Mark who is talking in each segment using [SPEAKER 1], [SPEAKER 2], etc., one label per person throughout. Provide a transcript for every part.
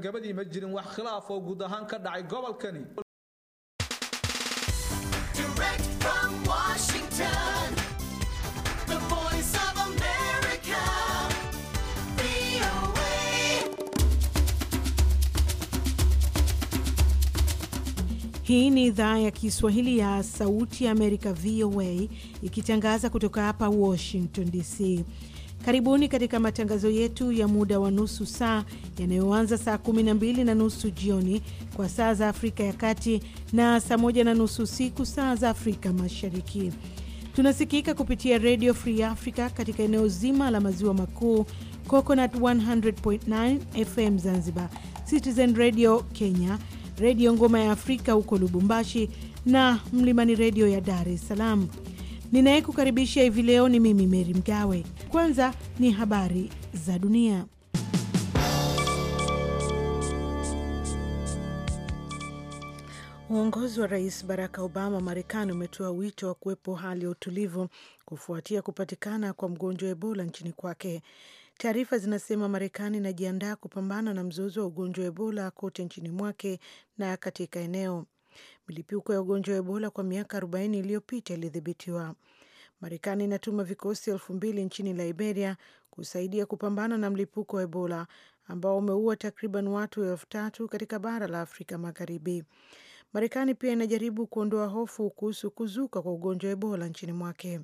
[SPEAKER 1] gabadhii ma jirin wax khilaaf oo guud ahaan ka dhacay gobolkani
[SPEAKER 2] Hii ni idhaa ya Kiswahili ya Sauti ya Amerika, VOA, ikitangaza kutoka hapa Washington DC. Karibuni katika matangazo yetu ya muda wa nusu saa yanayoanza saa 12 na nusu jioni kwa saa za Afrika ya Kati na saa 1 na nusu usiku saa za Afrika Mashariki. Tunasikika kupitia Radio Free Africa katika eneo zima la maziwa makuu, Coconut 100.9 FM Zanzibar, Citizen Radio Kenya, Redio Ngoma ya Afrika huko Lubumbashi na Mlimani Redio ya Dar es Salaam ninayekukaribisha hivi leo ni mimi Meri Mgawe. Kwanza ni habari za dunia. Uongozi wa Rais Barack Obama Marekani umetoa wito wa kuwepo hali ya utulivu kufuatia kupatikana kwa mgonjwa wa Ebola nchini kwake. Taarifa zinasema Marekani inajiandaa kupambana na mzozo wa ugonjwa wa Ebola kote nchini mwake na katika eneo Milipuko ya ugonjwa wa Ebola kwa miaka 40 iliyopita ilidhibitiwa. Marekani inatuma vikosi elfu mbili nchini Liberia kusaidia kupambana na mlipuko wa Ebola ambao umeua takriban watu elfu tatu katika bara la Afrika Magharibi. Marekani pia inajaribu kuondoa hofu kuhusu kuzuka kwa ugonjwa wa Ebola nchini mwake.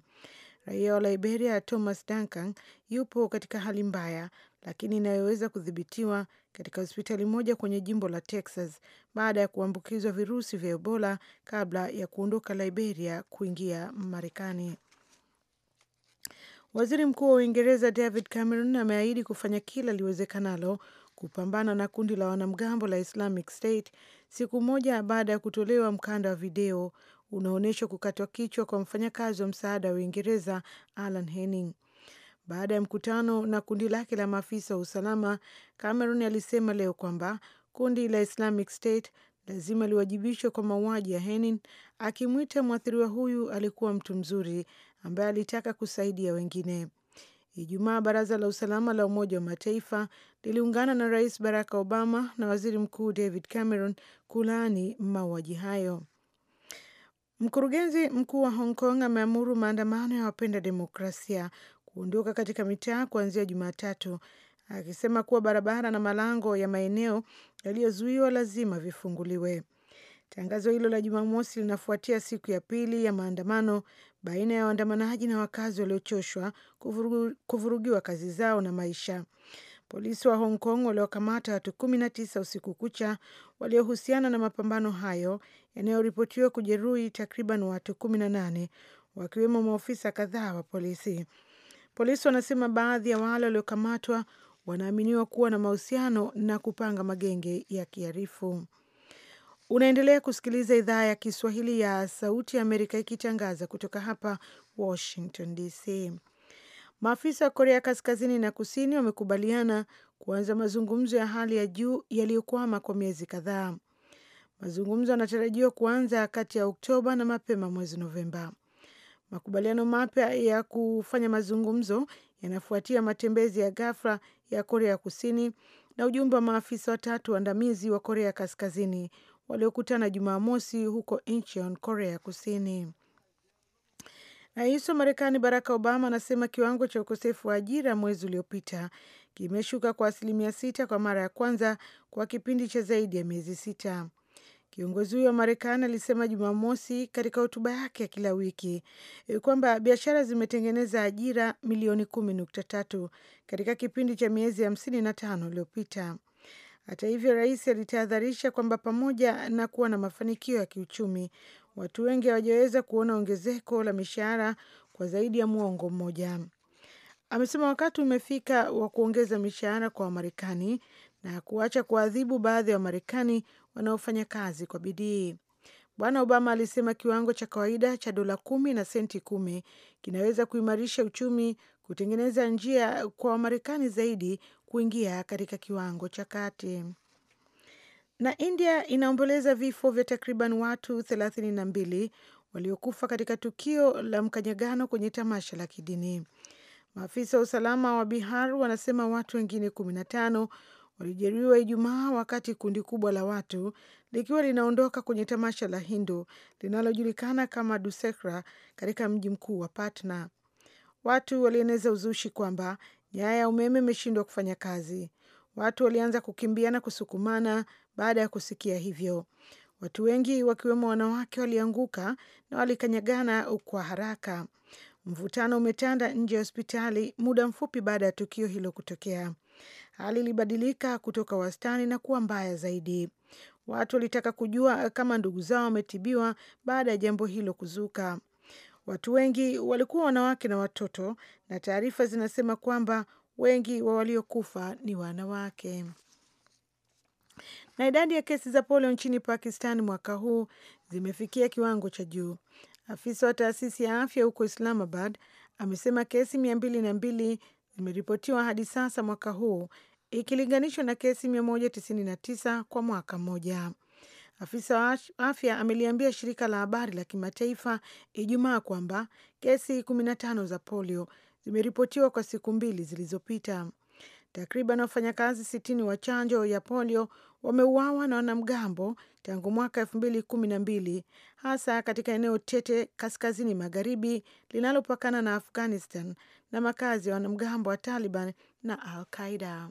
[SPEAKER 2] Raia wa Liberia Thomas Duncan yupo katika hali mbaya lakini inayoweza kudhibitiwa katika hospitali moja kwenye jimbo la Texas baada ya kuambukizwa virusi vya Ebola kabla ya kuondoka Liberia kuingia Marekani. Waziri Mkuu wa Uingereza David Cameron ameahidi kufanya kila liwezekanalo kupambana na kundi la wanamgambo la Islamic State siku moja baada ya kutolewa mkanda wa video unaonyesha kukatwa kichwa kwa mfanyakazi wa msaada wa Uingereza Alan Henning. Baada ya mkutano na kundi lake la maafisa wa usalama, Cameron alisema leo kwamba kundi la Islamic State lazima liwajibishwe kwa mauaji ya Henin, akimwita mwathiriwa huyu alikuwa mtu mzuri ambaye alitaka kusaidia wengine. Ijumaa, baraza la usalama la Umoja wa Mataifa liliungana na Rais Barack Obama na Waziri Mkuu David Cameron kulaani mauaji hayo. Mkurugenzi mkuu wa Hong Kong ameamuru maandamano ya wapenda demokrasia kuondoka katika mitaa kuanzia Jumatatu, akisema kuwa barabara na malango ya maeneo yaliyozuiwa lazima vifunguliwe. Tangazo hilo la Jumamosi linafuatia siku ya pili ya maandamano baina ya waandamanaji na wakazi waliochoshwa kuvurugu, kuvurugiwa kazi zao na maisha. Polisi wa Hong Kong waliokamata watu kumi na tisa usiku kucha waliohusiana na mapambano hayo yanayoripotiwa kujeruhi takriban watu kumi na nane wakiwemo maofisa kadhaa wa polisi. Polisi wanasema baadhi ya wale waliokamatwa wanaaminiwa kuwa na mahusiano na kupanga magenge ya kiharifu Unaendelea kusikiliza idhaa ya Kiswahili ya Sauti ya Amerika ikitangaza kutoka hapa Washington DC. Maafisa wa Korea Kaskazini na Kusini wamekubaliana kuanza mazungumzo ya hali ya juu yaliyokwama kwa miezi kadhaa. Mazungumzo yanatarajiwa kuanza kati ya Oktoba na mapema mwezi Novemba. Makubaliano mapya ya kufanya mazungumzo yanafuatia matembezi ya ghafla ya Korea Kusini na ujumbe wa maafisa watatu waandamizi wa Korea Kaskazini waliokutana Jumamosi huko Incheon, Korea Kusini. Rais wa Marekani Barack Obama anasema kiwango cha ukosefu wa ajira mwezi uliopita kimeshuka kwa asilimia sita kwa mara ya kwanza kwa kipindi cha zaidi ya miezi sita. Kiongozi huyo wa Marekani alisema Jumamosi katika hotuba yake ya kila wiki e, kwamba biashara zimetengeneza ajira milioni kumi nukta tatu katika kipindi cha miezi hamsini na tano iliyopita. Hata hivyo, rais alitahadharisha kwamba pamoja na kuwa na mafanikio ya kiuchumi, watu wengi hawajaweza kuona ongezeko la mishahara kwa zaidi ya mwongo mmoja. Amesema wakati umefika wa kuongeza mishahara kwa Wamarekani na kuacha kuadhibu baadhi ya Wamarekani wanaofanya kazi kwa bidii. Bwana Obama alisema kiwango cha kawaida cha dola kumi na senti kumi kinaweza kuimarisha uchumi, kutengeneza njia kwa Wamarekani zaidi kuingia katika kiwango cha kati. Na India inaomboleza vifo vya takriban watu thelathini na mbili waliokufa katika tukio la mkanyagano kwenye tamasha la kidini. Maafisa wa usalama wa Bihar wanasema watu wengine kumi na tano walijeruhiwa Ijumaa wakati kundi kubwa la watu likiwa linaondoka kwenye tamasha la Hindu linalojulikana kama dusekra katika mji mkuu wa Patna. Watu walieneza uzushi kwamba nyaya ya umeme imeshindwa kufanya kazi. Watu walianza kukimbia na kusukumana baada ya kusikia hivyo. Watu wengi wakiwemo wanawake walianguka na walikanyagana kwa haraka. Mvutano umetanda nje ya hospitali muda mfupi baada ya tukio hilo kutokea. Hali ilibadilika kutoka wastani na kuwa mbaya zaidi. Watu walitaka kujua kama ndugu zao wametibiwa baada ya jambo hilo kuzuka. Watu wengi walikuwa wanawake na watoto, na taarifa zinasema kwamba wengi wa waliokufa ni wanawake. Na idadi ya kesi za polio nchini Pakistan mwaka huu zimefikia kiwango cha juu. Afisa wa taasisi ya afya huko Islamabad amesema kesi mia mbili na mbili zimeripotiwa hadi sasa mwaka huu ikilinganishwa na kesi 199 kwa mwaka mmoja. Afisa wa afya ameliambia shirika la habari la kimataifa Ijumaa kwamba kesi 15 za polio zimeripotiwa kwa siku mbili zilizopita. Takriban wafanyakazi 60 wa chanjo ya polio wameuawa na wanamgambo tangu mwaka elfu mbili kumi na mbili hasa katika eneo tete kaskazini magharibi linalopakana na Afghanistan na makazi ya wanamgambo wa Taliban na Al Qaida.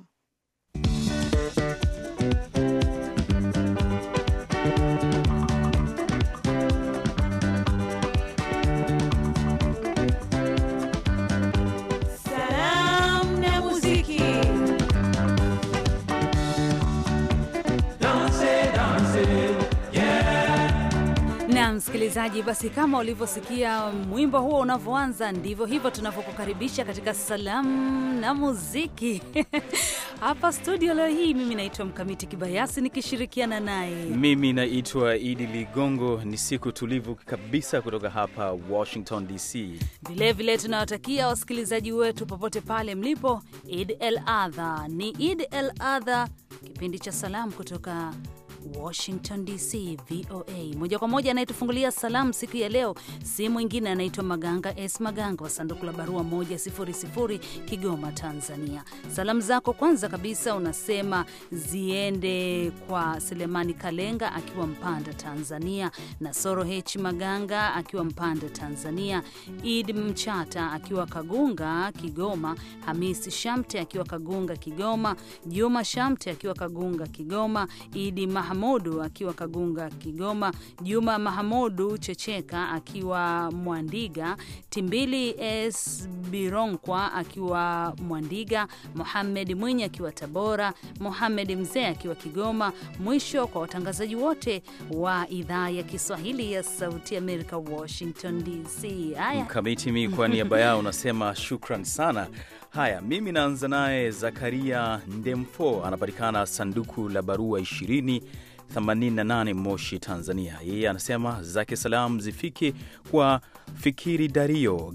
[SPEAKER 3] msikilizaji, basi kama ulivyosikia mwimbo huo unavyoanza, ndivyo hivyo tunavyokukaribisha katika salamu na muziki hapa studio leo hii. Mimi naitwa Mkamiti Kibayasi nikishirikiana naye,
[SPEAKER 1] mimi naitwa Idi Ligongo. Ni siku tulivu kabisa kutoka hapa Washington DC.
[SPEAKER 3] Vilevile tunawatakia wasikilizaji wetu popote pale mlipo Id el Adha. Ni Id el Adha, kipindi cha salamu kutoka Washington DC, VOA moja kwa moja. Anayetufungulia salamu siku ya leo si mwingine anaitwa Maganga S Maganga wa sanduku la barua 100 Kigoma, Tanzania. Salamu zako kwanza kabisa unasema ziende kwa Selemani Kalenga akiwa Mpanda, Tanzania, na Soro H Maganga akiwa Mpanda, Tanzania, Id Mchata akiwa Kagunga, Kigoma, Hamisi Shamte akiwa Kagunga, Kigoma, Juma Shamte akiwa Kagunga, Kigoma, Idi Maham Mahamudu akiwa Kagunga, Kigoma, Juma Mahamudu Checheka akiwa Mwandiga, Timbili S Bironkwa akiwa Mwandiga, Mohamed Mwinyi akiwa Tabora, Mohamed Mzee akiwa Kigoma. Mwisho kwa watangazaji wote wa idhaa ya Kiswahili ya Sauti Amerika, Washington DC. Haya,
[SPEAKER 1] mkamiti mi kwa niaba yao unasema shukran sana. Haya, mimi naanza naye Zakaria Ndemfo, anapatikana sanduku la barua ishirini 88 Moshi, Tanzania. Yeye anasema zake salam zifike kwa Fikiri Dario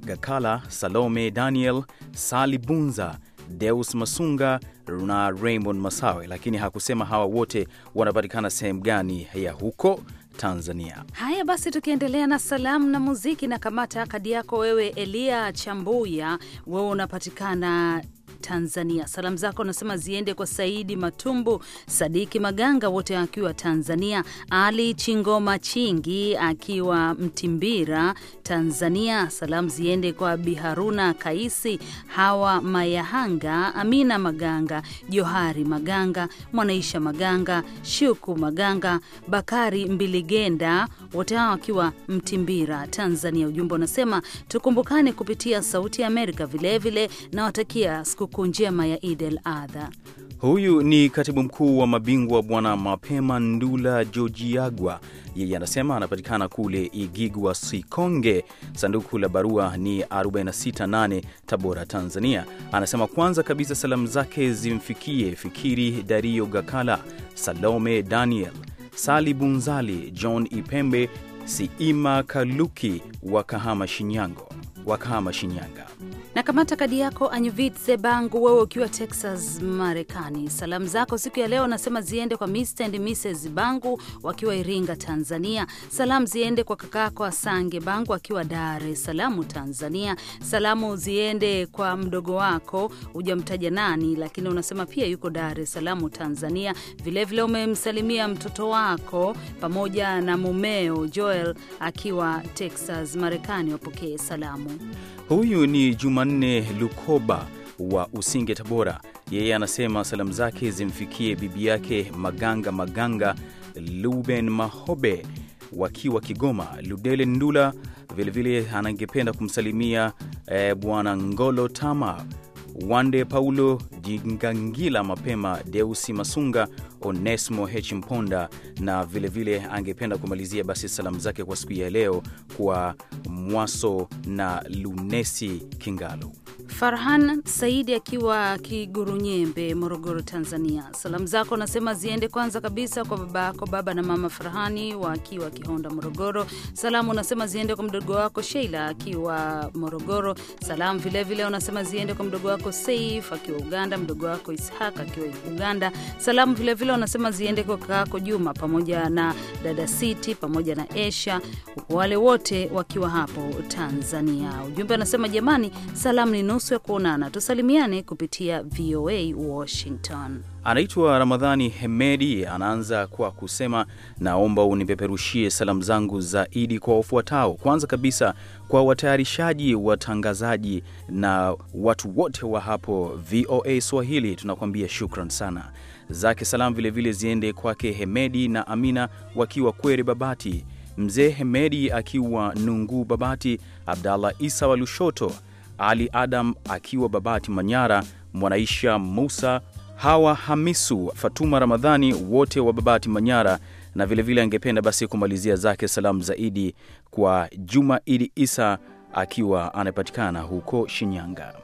[SPEAKER 1] Gakala, Salome Daniel, Sali Bunza, Deus Masunga na Raymond Masawe, lakini hakusema hawa wote wanapatikana sehemu gani ya huko Tanzania.
[SPEAKER 3] Haya basi, tukiendelea na salamu na muziki, na kamata kadi yako wewe, Elia Chambuya, wewe unapatikana Tanzania. Salamu zako nasema ziende kwa Saidi Matumbu, Sadiki Maganga, wote akiwa Tanzania, Ali Chingoma Chingi akiwa Mtimbira, Tanzania. Salamu ziende kwa Biharuna Kaisi, Hawa Mayahanga, Amina Maganga, Johari Maganga, Mwanaisha Maganga, Shuku Maganga, Bakari Mbiligenda, wote hao wakiwa Mtimbira, Tanzania. Ujumbe unasema tukumbukane kupitia Sauti ya Amerika. Vilevile nawatakia siku siku njema ya Eid el Adha.
[SPEAKER 1] Huyu ni katibu mkuu wa mabingwa Bwana Mapema Ndula Jojiagwa. Yeye anasema anapatikana kule Igigwa Sikonge, sanduku la barua ni 468 Tabora, Tanzania. Anasema kwanza kabisa salamu zake zimfikie Fikiri Dario Gakala, Salome Daniel, Sali Bunzali, John Ipembe, Siima Kaluki wa Kahama, Shinyango, wakahama Shinyanga.
[SPEAKER 3] Na kamata kadi yako Anyuvit Zebangu, wewe ukiwa Texas, Marekani. Salamu zako siku ya leo nasema ziende kwa Mr and Mrs Bangu wakiwa Iringa, Tanzania. Salamu ziende kwa kakako Asange Bangu akiwa Dar es Salaam, Tanzania. Salamu ziende kwa mdogo wako hujamtaja nani, lakini unasema pia yuko Dar es Salaam, Tanzania. Vilevile umemsalimia mtoto wako pamoja na mumeo Joel akiwa Texas, Marekani, wapokee salamu.
[SPEAKER 1] Huyu ni Jumanne Lukoba wa Usinge, Tabora. Yeye anasema salamu zake zimfikie bibi yake Maganga Maganga, Luben Mahobe wakiwa Kigoma, Ludele Ndula. Vilevile anangependa kumsalimia e, Bwana Ngolo Tama Wande Paulo Jingangila, mapema Deusi Masunga, Onesmo H Mponda, na vilevile vile angependa kumalizia basi salamu zake kwa siku ya leo kwa Mwaso na Lunesi Kingalo.
[SPEAKER 3] Farhan Saidi akiwa Kigurunyembe, Morogoro, Tanzania. Salamu zako nasema ziende kwanza kabisa kwa baba yako, baba na mama Farhani wakiwa Kihonda, Morogoro. Salamu unasema ziende kwa mdogo wako Sheila akiwa Morogoro. Salamu vilevile unasema ziende kwa mdogo wako Saif akiwa Uganda, mdogo wako Ishak akiwa Uganda. Salamu vilevile unasema ziende kwa kaka yako Juma pamoja na dada Siti pamoja na Esha, wale wote wakiwa hapo Tanzania. Ujumbe anasema jamani, salamu ni nusu nusu ya kuonana, tusalimiane kupitia VOA Washington.
[SPEAKER 1] Anaitwa Ramadhani Hemedi, anaanza kwa kusema naomba unipeperushie salamu zangu za Idi kwa wafuatao. Kwanza kabisa kwa watayarishaji, watangazaji na watu wote wa hapo VOA Swahili, tunakuambia shukran sana. Zake salamu vilevile ziende kwake Hemedi na Amina wakiwa Kwere Babati, mzee Hemedi akiwa Nungu Babati, Abdallah Isa wa Lushoto ali Adam akiwa Babati Manyara, Mwanaisha Musa, Hawa Hamisu, Fatuma Ramadhani, wote wa Babati Manyara na vilevile vile angependa basi kumalizia zake salamu zaidi kwa Juma Idi Isa akiwa anapatikana huko Shinyanga.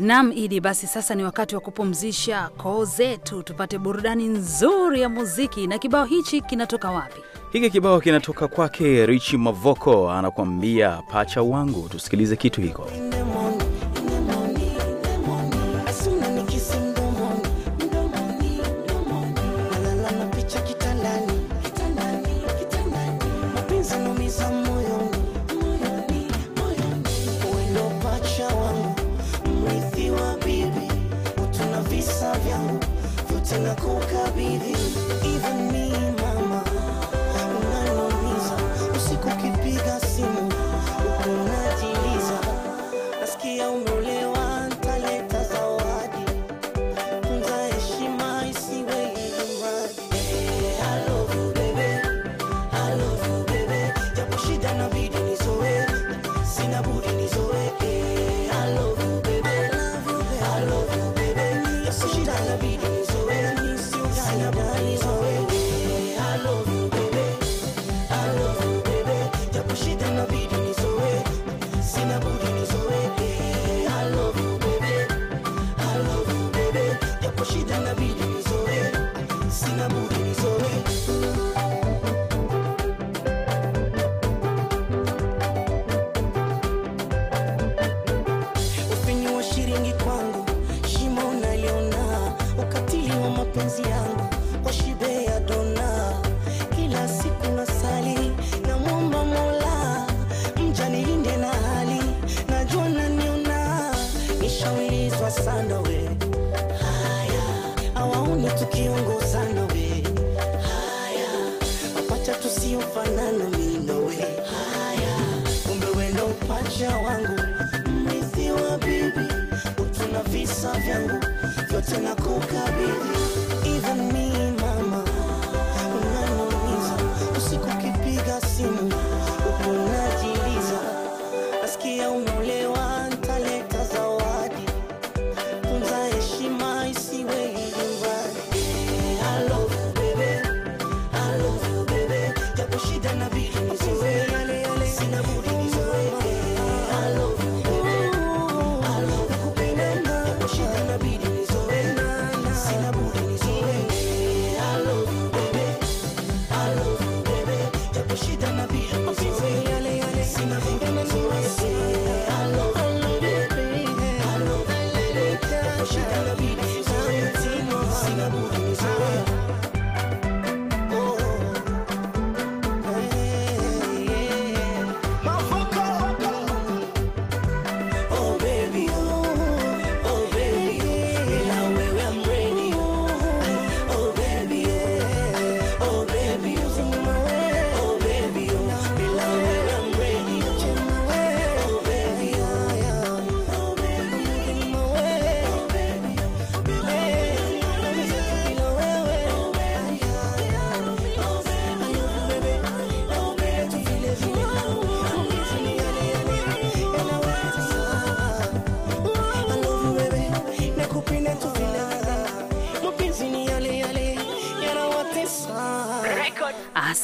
[SPEAKER 3] Nam Idi, basi sasa ni wakati wa kupumzisha koo zetu, tupate burudani nzuri ya muziki. Na kibao hichi kinatoka wapi?
[SPEAKER 1] Hiki kibao kinatoka kwake Richi Mavoko, anakuambia pacha wangu. Tusikilize kitu hiko.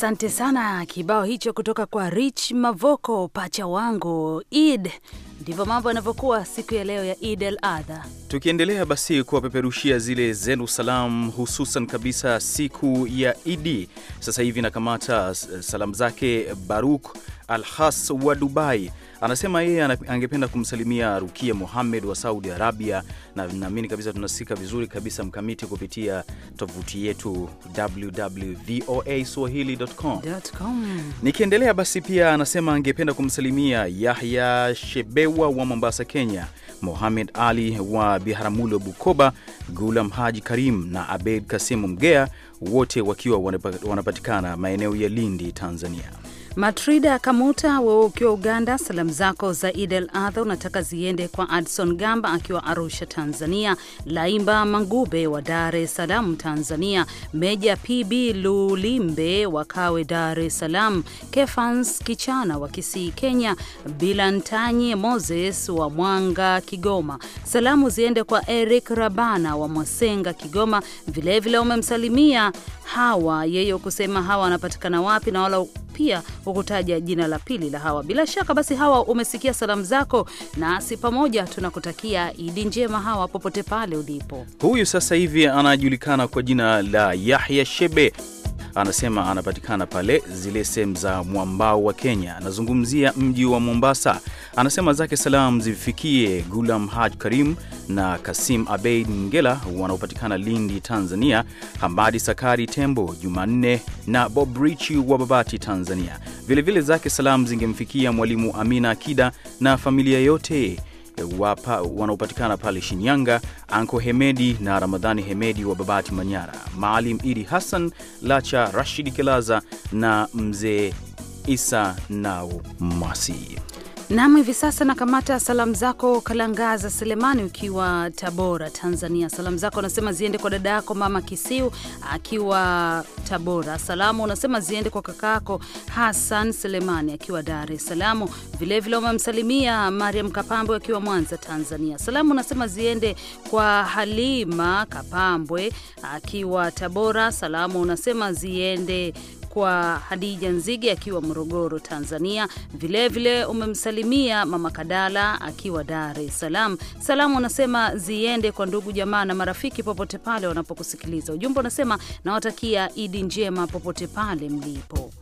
[SPEAKER 3] Asante sana, kibao hicho kutoka kwa Rich Mavoko, pacha wangu Eid. Ndivyo mambo yanavyokuwa siku ya leo ya Eid el Adha.
[SPEAKER 1] Tukiendelea basi kuwapeperushia zile zenu salam, hususan kabisa siku ya Idi. Sasa hivi nakamata salamu zake Baruk Alhas wa Dubai Anasema yeye angependa kumsalimia Rukia muhammed wa Saudi Arabia, na naamini kabisa tunasika vizuri kabisa mkamiti kupitia tovuti yetu www.voaswahili.com. Nikiendelea basi, pia anasema angependa kumsalimia Yahya Shebewa wa Mombasa, Kenya, Mohamed Ali wa Biharamulo, Bukoba, Gulam Haji Karim na Abed Kasimu Mgea, wote wakiwa wanapatikana maeneo ya Lindi, Tanzania.
[SPEAKER 3] Matrida Kamuta, wewe ukiwa Uganda, salamu zako za Idel Adha unataka ziende kwa Adson Gamba akiwa Arusha, Tanzania, Laimba Mangube wa Dar es Salaam, Tanzania, Meja PB Lulimbe wa Kawe, Dar es Salaam, Kefans Kichana wa Kisii, Kenya, Bilantanye Moses wa Mwanga, Kigoma. Salamu ziende kwa Eric Rabana wa Mwasenga, Kigoma. Vilevile umemsalimia Hawa, yeye ukusema Hawa anapatikana wapi na wala pia sikukutaja jina la pili la Hawa. Bila shaka basi, Hawa, umesikia salamu zako, nasi pamoja tunakutakia Idi njema, Hawa, popote pale ulipo.
[SPEAKER 1] Huyu sasa hivi anajulikana kwa jina la Yahya Shebe anasema anapatikana pale zile sehemu za mwambao wa Kenya. Anazungumzia mji wa Mombasa, anasema zake salam zifikie Gulam Haj Karim na Kasim Abeid Ngela wanaopatikana Lindi, Tanzania, Hamadi Sakari Tembo, Jumanne na Bob Richi wa Babati, Tanzania. Vilevile vile zake salam zingemfikia Mwalimu Amina Akida na familia yote wanaopatikana pale Shinyanga, Anko Hemedi na Ramadhani Hemedi wa Babati Manyara, Maalim Idi Hassan Lacha, Rashid kelaza na Mzee Isa Nau Masi.
[SPEAKER 3] Nam, hivi sasa nakamata salamu zako Kalangaza Selemani ukiwa Tabora, Tanzania. Salamu zako anasema ziende kwa dada yako mama Kisiu akiwa Tabora. Salamu unasema ziende kwa kakaako Hasan Selemani akiwa Dar es Salaam. Vilevile umemsalimia Mariam Kapambwe akiwa Mwanza, Tanzania. Salamu unasema ziende kwa Halima Kapambwe akiwa Tabora. Salamu unasema ziende kwa Hadija Nzige akiwa Morogoro, Tanzania. Vilevile vile umemsalimia Mama Kadala akiwa Dar es Salaam. Salamu unasema ziende kwa ndugu jamaa na marafiki popote pale wanapokusikiliza. Ujumbe unasema nawatakia Idi njema popote pale mlipo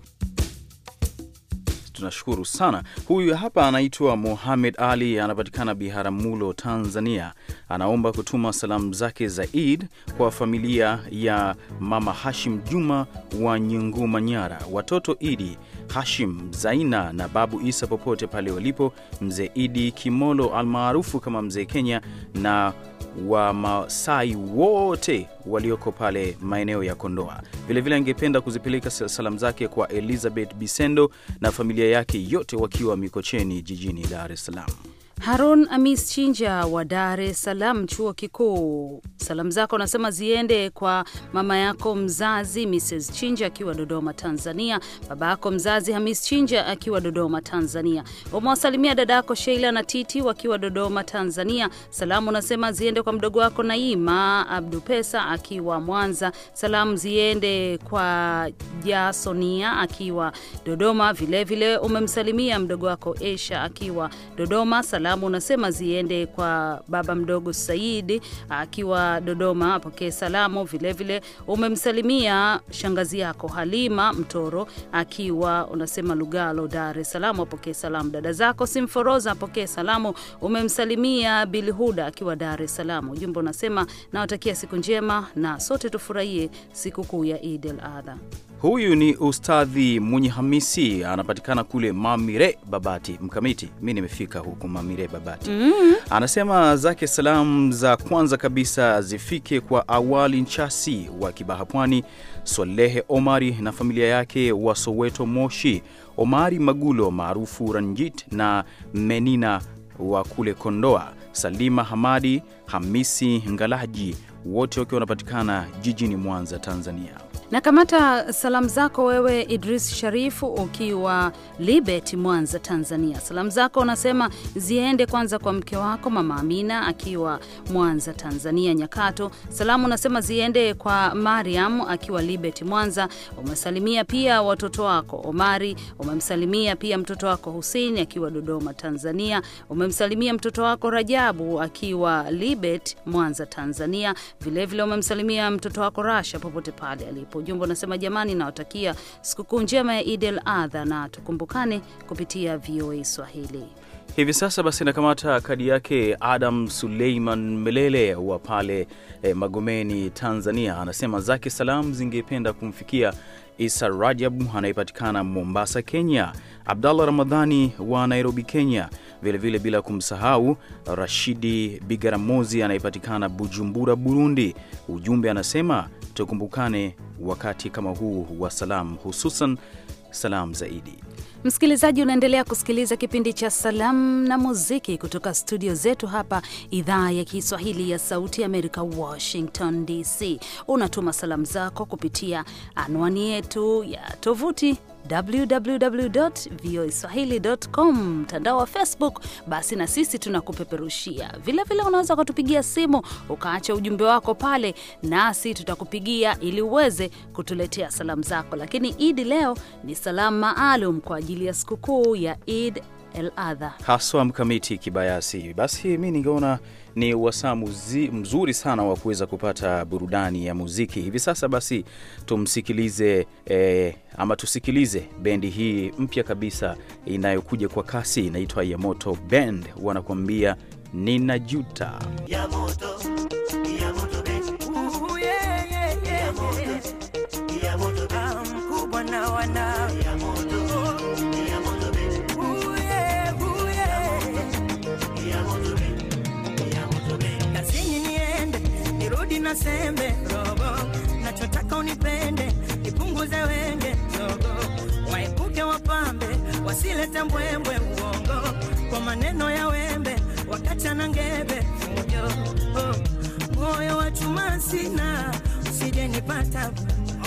[SPEAKER 1] tunashukuru sana. Huyu hapa anaitwa Mohamed Ali, anapatikana Biharamulo, Tanzania. Anaomba kutuma salamu zake za id kwa familia ya mama Hashim Juma wa Nyungu, Manyara, watoto Idi Hashim, Zaina na babu Isa popote pale walipo, mzee Idi Kimolo almaarufu kama mzee Kenya na wa Masai wote walioko pale maeneo ya Kondoa. Vilevile angependa kuzipeleka salamu zake kwa Elizabeth Bisendo na familia yake yote wakiwa Mikocheni jijini Dar es Salaam.
[SPEAKER 3] Harun Amis Chinja wa Dar es Salaam chuo kikuu, salamu zako anasema ziende kwa mama yako mzazi Mrs Chinja akiwa Dodoma Tanzania, baba yako mzazi Hamis Chinja akiwa Dodoma Tanzania. Umewasalimia dada yako Sheila na Titi wakiwa Dodoma Tanzania. Salamu unasema ziende kwa mdogo wako Naima Abdu Pesa akiwa Mwanza. Salamu ziende kwa Jasonia akiwa Dodoma, vilevile umemsalimia mdogo wako Esha akiwa Dodoma. Salamu salamu unasema ziende kwa baba mdogo Saidi akiwa Dodoma, apokee salamu vilevile. Umemsalimia shangazi yako Halima Mtoro akiwa unasema Lugalo, Dar es Salaam, apokee salamu. Dada zako Simforoza apokee salamu. Umemsalimia Bilhuda akiwa Dar es Salaam. Ujumbe unasema nawatakia siku njema na sote tufurahie sikukuu ya Eid al Adha.
[SPEAKER 1] Huyu ni Ustadhi mwenye Hamisi, anapatikana kule Mamire Babati Mkamiti. Mi nimefika huku Mamire Babati. mm -hmm. Anasema zake salamu za kwanza kabisa zifike kwa Awali Nchasi wa Kibaha Pwani, Swalehe Omari na familia yake wa Soweto Moshi, Omari Magulo maarufu Ranjit na Menina wa kule Kondoa, Salima Hamadi, Hamisi Ngalaji, wote wakiwa wanapatikana jijini Mwanza, Tanzania.
[SPEAKER 3] Na kamata salamu zako wewe Idris Sharifu ukiwa Libet, Mwanza, Tanzania. Salamu zako unasema ziende kwanza kwa mke wako Mama Amina akiwa Mwanza, Tanzania, Nyakato. Salamu unasema ziende kwa Mariam akiwa Libet, Mwanza. Umesalimia pia watoto wako Omari, umemsalimia pia mtoto wako Hussein akiwa Dodoma, Tanzania. Umemsalimia mtoto wako Rajabu akiwa Libet, Mwanza, Tanzania. Vilevile umemsalimia mtoto wako Rasha popote pale alipo hapo. Ujumbe unasema jamani, nawatakia sikukuu njema ya Eid Adha na tukumbukane kupitia VOA Swahili.
[SPEAKER 1] Hivi sasa basi nakamata kadi yake Adam Suleiman Melele wa pale eh, Magomeni, Tanzania. Anasema zake salamu zingependa kumfikia Isa Rajab anayepatikana Mombasa, Kenya, Abdallah Ramadhani wa Nairobi, Kenya, vilevile vile bila kumsahau Rashidi Bigaramozi anayepatikana Bujumbura, Burundi. Ujumbe anasema tukumbukane wakati kama huu wa salamu, hususan salamu zaidi.
[SPEAKER 3] Msikilizaji, unaendelea kusikiliza kipindi cha salamu na muziki kutoka studio zetu hapa idhaa ya Kiswahili ya sauti Amerika, Washington DC. Unatuma salamu zako kupitia anwani yetu ya tovuti www.voaswahili.com, mtandao wa Facebook, basi na sisi tunakupeperushia vilevile. Unaweza ukatupigia simu ukaacha ujumbe wako pale, nasi tutakupigia ili uweze kutuletea salamu zako. Lakini Idi leo ni salamu maalum kwa ajili ya sikukuu ya Id El Adha
[SPEAKER 1] haswa mkamiti kibayasi. Basi mi ningeona ni wasaa mzuri sana wa kuweza kupata burudani ya muziki hivi sasa. Basi tumsikilize eh, ama tusikilize bendi hii mpya kabisa inayokuja kwa kasi, inaitwa Yamoto Band, wanakuambia ninajuta
[SPEAKER 4] yamoto, yamoto. na robo, nachotaka unipende, nipunguze wenge zogo, waepuke wapambe, wasilete mbwembwe uongo, kwa maneno ya wembe wakacha ngebe fujo. Oh, moyo oh, wa chuma sina, usije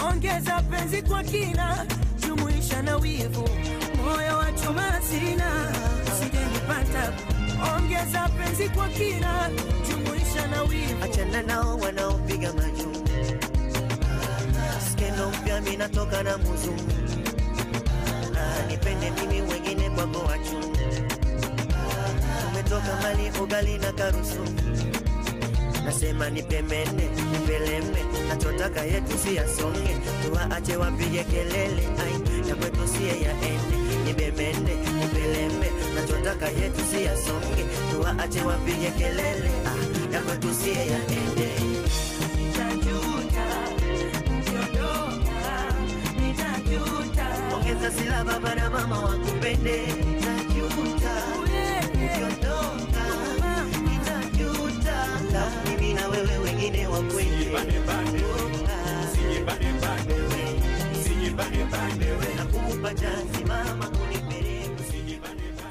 [SPEAKER 4] ongeza penzi kwa kina, jumuisha na wivu. Moyo wa chuma sina, usije ongeza penzi kwa kina Achana wivu, achana nao wanaopiga maju. Skendo mpya mimi na muzu. Na ah, nipende mimi wengine kwako wachu. umetoka mali ugali na karusu. Nasema nipemene, nipeleme, nachotaka yetu si yasonge, tuwaache wapige kelele, ai, ya kwetu siye ya ende, nibemene, nipeleme, nachotaka yetu si yasonge, tuwaache wapige kelele yako tusiye yaende. Nitajuta, Ongeza silaha baba na mama wakupende. mimi na wewe wengine wakwende. Sijibanebane, chansi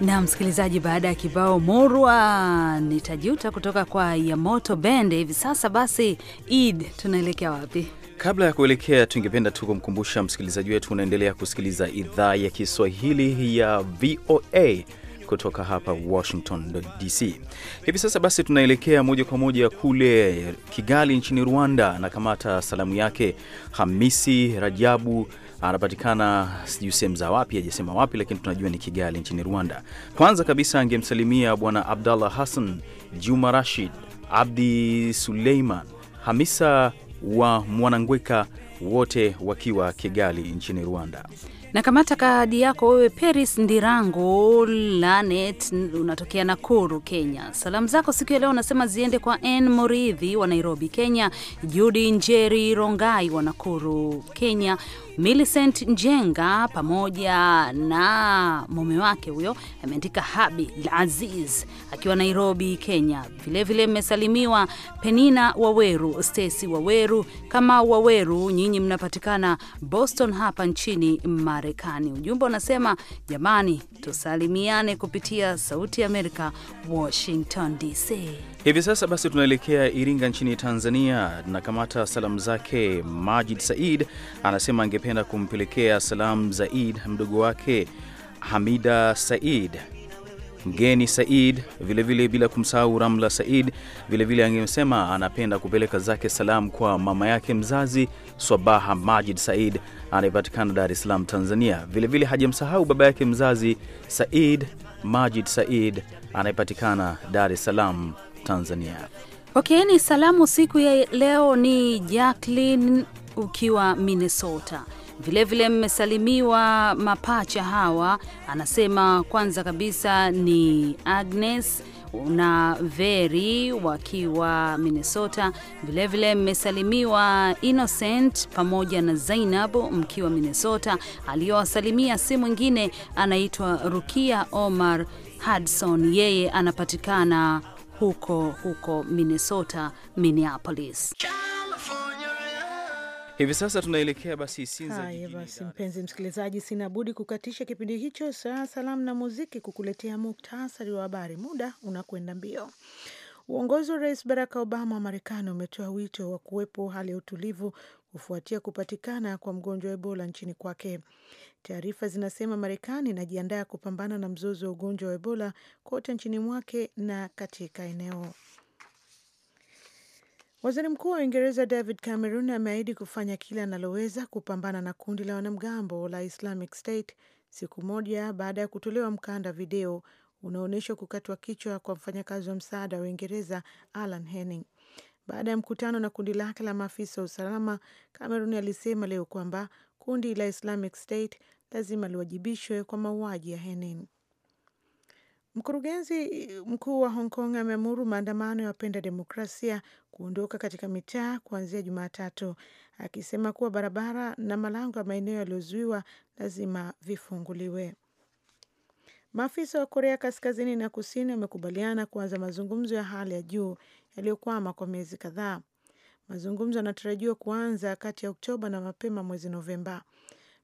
[SPEAKER 3] na msikilizaji, baada ya kibao morwa nitajuta kutoka kwa Yamoto Bende hivi sasa, basi Id, tunaelekea wapi?
[SPEAKER 1] Kabla ya kuelekea, tungependa tu kumkumbusha msikilizaji wetu, unaendelea kusikiliza idhaa ya Kiswahili ya VOA kutoka hapa Washington DC. Hivi sasa basi tunaelekea moja kwa moja kule Kigali nchini Rwanda. Anakamata salamu yake Hamisi Rajabu anapatikana sijui sehemu za wapi, hajasema wapi, lakini tunajua ni Kigali nchini Rwanda. Kwanza kabisa angemsalimia Bwana Abdallah Hassan, Juma Rashid, Abdi Suleiman, Hamisa wa Mwanangweka, wote wakiwa Kigali nchini Rwanda
[SPEAKER 3] na kamata kadi yako wewe, Paris Ndirango Lanet, unatokea Nakuru, Kenya. Salamu zako siku ya leo unasema ziende kwa N Moridhi wa Nairobi, Kenya, Judi Njeri Rongai wa Nakuru, Kenya, Millicent Njenga pamoja na mume wake huyo, ameandika Habi Aziz akiwa Nairobi, Kenya. Vilevile mmesalimiwa Penina Waweru, Stacy Waweru, Kamau Waweru. Nyinyi mnapatikana Boston hapa nchini Marekani. Marekani. Ujumbe unasema jamani, tusalimiane kupitia Sauti ya Amerika, Washington DC.
[SPEAKER 1] Hivi sasa basi tunaelekea Iringa nchini Tanzania. Nakamata salamu zake Majid Said, anasema angependa kumpelekea salamu Zaid mdogo wake Hamida Said mgeni Said, vilevile bila kumsahau Ramla Said. Vilevile angesema anapenda kupeleka zake salamu kwa mama yake mzazi Swabaha Majid Said anayepatikana Dar es Salaam, Tanzania. Vilevile hajamsahau baba yake mzazi Said Majid Said anayepatikana Dar es Salaam, Tanzania.
[SPEAKER 3] Okay, ni salamu siku ya leo ni Jacqueline ukiwa Minnesota Vilevile mmesalimiwa mapacha hawa, anasema kwanza kabisa ni Agnes na Veri wakiwa Minnesota. Vilevile mmesalimiwa Innocent pamoja na Zainab mkiwa Minnesota. Aliyowasalimia si mwingine anaitwa Rukia Omar Hudson, yeye anapatikana huko huko Minnesota, Minneapolis.
[SPEAKER 1] Hivi sasa tunaelekea basi Sinza. Haya basi,
[SPEAKER 2] mpenzi msikilizaji, sina budi kukatisha kipindi hicho saa salamu na muziki kukuletea muktasari wa habari. Muda unakwenda mbio. Uongozi wa Rais Barack Obama wa Marekani umetoa wito wa kuwepo hali ya utulivu kufuatia kupatikana kwa mgonjwa wa Ebola nchini kwake. Taarifa zinasema Marekani inajiandaa kupambana na mzozo wa ugonjwa wa Ebola kote nchini mwake na katika eneo Waziri Mkuu wa Uingereza David Cameron ameahidi kufanya kila analoweza kupambana na kundi la wanamgambo la Islamic State siku moja baada ya kutolewa mkanda video unaonyeshwa kukatwa kichwa kwa mfanyakazi wa msaada wa Uingereza Alan Henning. Baada ya mkutano na kundi lake la maafisa wa usalama, Cameron alisema leo kwamba kundi la Islamic State lazima liwajibishwe kwa mauaji ya Henning. Mkurugenzi mkuu wa Hong Kong ameamuru maandamano ya wapenda demokrasia kuondoka katika mitaa kuanzia Jumatatu, akisema kuwa barabara na malango ya maeneo yaliyozuiwa lazima vifunguliwe. Maafisa wa Korea Kaskazini na Kusini wamekubaliana kuanza mazungumzo ya hali ya juu yaliyokwama kwa miezi kadhaa. Mazungumzo yanatarajiwa kuanza kati ya Oktoba na mapema mwezi Novemba.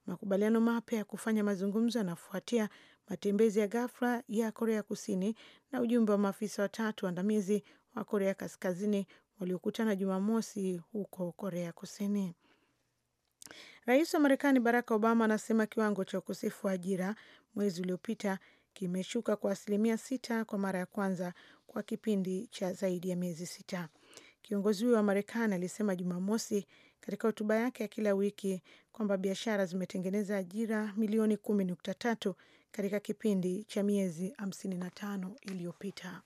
[SPEAKER 2] Makubaliano mapya ya kufanya mazungumzo yanafuatia matembezi ya ghafla ya Korea Kusini na ujumbe wa maafisa watatu waandamizi wa Korea Kaskazini waliokutana Jumamosi huko Korea Kusini. Rais wa Marekani Barack Obama anasema kiwango cha ukosefu wa ajira mwezi uliopita kimeshuka kwa asilimia sita kwa mara ya kwanza kwa kipindi cha zaidi ya miezi sita. Kiongozi huyo wa Marekani alisema Jumamosi katika hotuba yake ya kila wiki kwamba biashara zimetengeneza ajira milioni kumi nukta tatu katika kipindi cha miezi 55 iliyopita.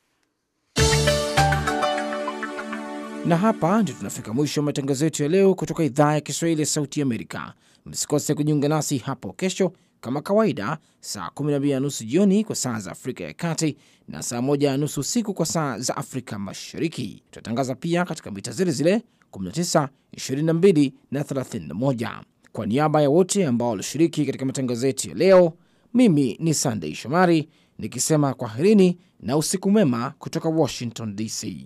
[SPEAKER 1] Na hapa ndio tunafika mwisho wa matangazo yetu ya leo kutoka idhaa ya Kiswahili ya Sauti Amerika. Msikose kujiunga nasi hapo kesho kama kawaida, saa 12 na nusu jioni kwa saa za Afrika ya Kati na saa 1 na nusu usiku kwa saa za Afrika Mashariki. Tutatangaza pia katika mita zile zile 19, 22 na 31. Kwa niaba ya wote ambao walishiriki katika matangazo yetu ya leo mimi ni Sandei Shomari nikisema kwaherini na usiku mwema kutoka Washington DC.